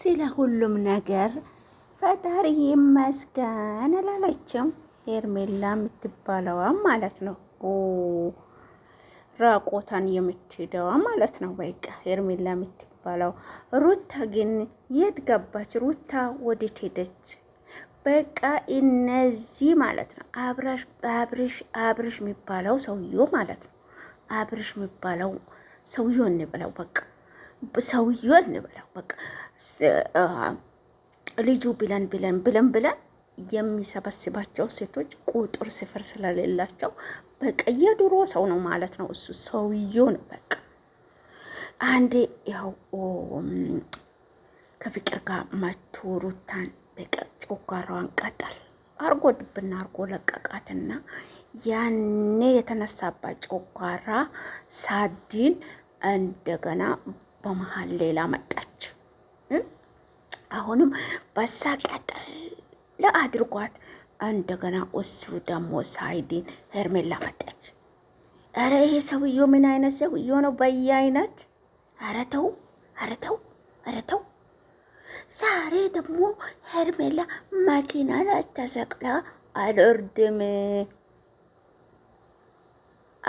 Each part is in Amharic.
ስለ ሁሉም ነገር ፈጣሪ ይመስገን አላለችም? ሄርሜላ የምትባለዋ ማለት ነው። ራቆታን የምትሄደዋ ማለት ነው። በቃ ሄርሜላ የምትባለው ሩታ ግን የት ገባች? ሩታ ወዴት ሄደች? በቃ እነዚህ ማለት ነው አብራሽ አብርሽ አብርሽ የሚባለው ሰውዮ ማለት ነው። አብርሽ የሚባለው ሰውዮ እንበለው በቃ ሰውዮ እንበለው በቃ ልጁ ብለን ብለን ብለን ብለን የሚሰበስባቸው ሴቶች ቁጥር ስፍር ስለሌላቸው በቃ የድሮ ሰው ነው ማለት ነው። እሱ ሰውዬው ነው በቃ አንዴ ያው ከፍቅር ጋር መቶ ሩታን በቃ ጮጋራዋን ቀጠል አርጎ ድብና አርጎ ለቀቃትና ያኔ የተነሳባት ጮጋራ ሳዲን እንደገና በመሀል ሌላ መጣች። አሁንም በዛ ቀጠል ለአድርጓት። እንደገና እሱ ደግሞ ሳይዲን ሄርሜላ መጣች። ኧረ ይሄ ሰውዬ ምን አይነት ሰውዬ ነው? በየአይነት ኧረ ተው፣ ኧረ ተው፣ ኧረ ተው። ዛሬ ደግሞ ሄርሜላ መኪና ላይ ተሰቅላ አልእርድም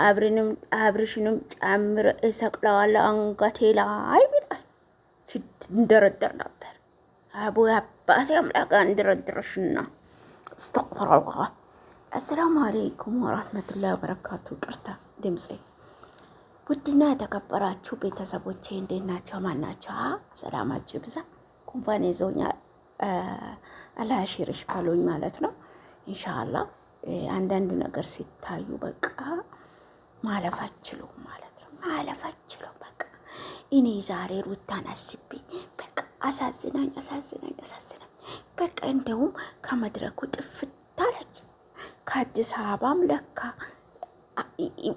አብርንም አብርሽንም ጨምር እሰቅለዋለሁ አንገቴ ላይ ብላል ሲንደረደር ነበር። አቡ አባቴ አምላክ እንድረድርሽና እስተቆራልቃ አሰላሙ አለይኩም ወራህመቱላሂ ወበረካቱ። ቅርታ ድምጼ ውድና የተከበራችሁ ቤተሰቦቼ እንዴት ናቸው? ማን ናቸው? ሰላማችሁ ብዛ። ኩንፋን ይዞኛ አላሽርሽ ባሉኝ ማለት ነው። ኢንሻአላ አንዳንዱ ነገር ሲታዩ በቃ ማለፍ አችሉም ማለት ነው። ማለፍ አችሉም በቃ እኔ ዛሬ ሩታን አስቤ አሳዝናኝ አሳዝናኝ አሳዝናኝ። በቃ እንደውም ከመድረኩ ጥፍት አለች። ከአዲስ አበባም ለካ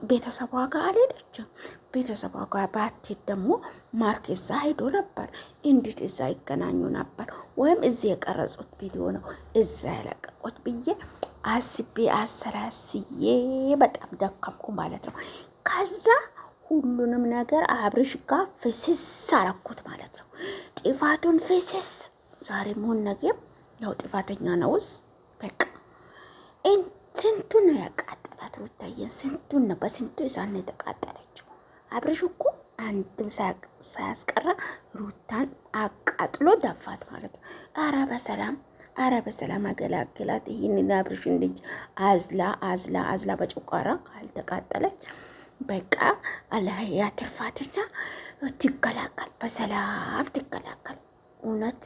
ቤተሰቧ ጋር አልሄደችም። ቤተሰቧ ጋር ባትሄድ ደግሞ ማርክ እዛ ሄዶ ነበር። እንዴት እዛ ይገናኙ ነበር? ወይም እዚህ የቀረጹት ቪዲዮ ነው እዛ የለቀቁት ብዬ አስቤ አሰላስዬ በጣም ደከምኩ ማለት ነው። ከዛ ሁሉንም ነገር አብርሽ ጋር ፍስስ አረኩት ጥፋቱን ፍስስ ዛሬ መሆን ነገም ያው ጥፋተኛ ነውስ። በቃ ስንቱን ነው ያቃጠላት ሩታዬን፣ ስንቱን ነው በስንቱ እሳት ነው የተቃጠለችው። አብረሽ እኮ አንድም ሳያስቀራ ሩታን አቃጥሎ ዳፋት ማለት ነው። አረ በሰላም አረ በሰላም አገላግላት። ይህንን አብረሽን ልጅ አዝላ አዝላ አዝላ በጨቋራ ካልተቃጠለች በቃ አላህ ያትርፋትና ትገላገል፣ በሰላም ትገላገል። እውነት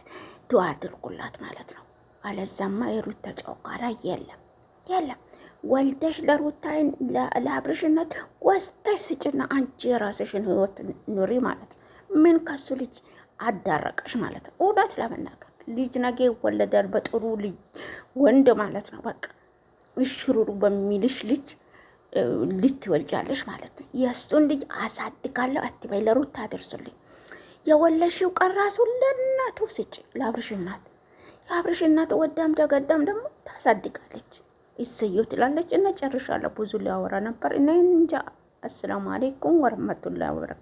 ዱዓ አድርጉላት ማለት ነው። አለዛማ የሩታ ጨጓራ የለም የለም። ወልደሽ ለሩታ ለአብርሽነት ወስተሽ ስጭና አንቺ የራስሽን ህይወት ኑሪ ማለት ነው። ምን ከሱ ልጅ አዳረቀሽ ማለት ነው። እውነት ለመናገር ልጅ ነገ ይወለዳል በጥሩ ልጅ ወንድ ማለት ነው። በቃ እሽሩሩ በሚልሽ ልጅ ልትወልጃለሽ ማለት ነው። የእሱን ልጅ አሳድጋለሁ አትበይ፣ ለሩት አደርሱልኝ። የወለሽው ቀራሱ ለእናቱ ስጭ፣ ለአብርሽ እናት። የአብርሽ እናት ወዳም ተገዳም ደግሞ ታሳድጋለች። እሰየው ትላለች እና ጨርሻለሁ። ብዙ ሊያወራ ነበር እና እንጃ። አሰላሙ አሌይኩም ወረመቱላ ወበረካቱ